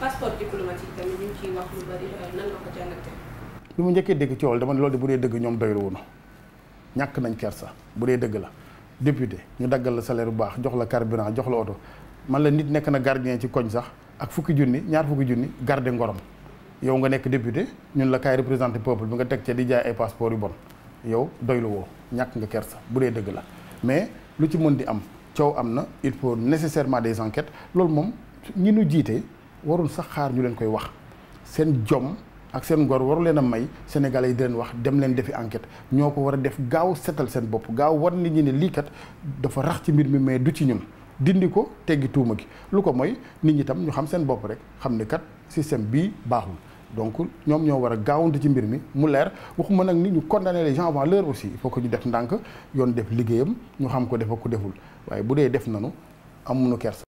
passeport li mu euh, njëkkee dégg ci wàll dama ne de bu dee dëgg ñoom doyul woon ñàkk nañ kersa bu dee dëgg la député ñu daggal la salaire bu baax jox la carburant jox la oto man la nit nekk na gardien ci koñ sax ak fukki junni ñaar fukki junni garde ngorom yow nga nekk député ñun la kaay représenté peuple bi nga teg ca di jaay ay passeport yu bon yow doylu ñàkk nga kersa bu dee dëgg la mais lu ci mën di am coow am na il faut nécessairement des enquêtes loolu moom ñu nu jiite warul sax xaar ñu leen koy wax seen jom ak seen ngor waru leen a may sénégalais yi di leen wax dem leen defi enquête ñoo ko war a def gaaw setal seen bopp gaaw war nit ñi ne lii kat dafa rax ci mbir mi mais du ci ñun dindi ko teggi tuuma gi lu ko moy nit ñi tam ñu xam seen bopp rek xam ne kat système bii baaxul donc ñoom ñoo war a gaawante ci mbir mi mu leer waxuma nag ni ñu condamner les gens avant l'heure aussi il faut que ñu def ndànk yoon def liggéeyam ñu xam ko def ak ku deful waaye bu dee def nanu amuñu kersa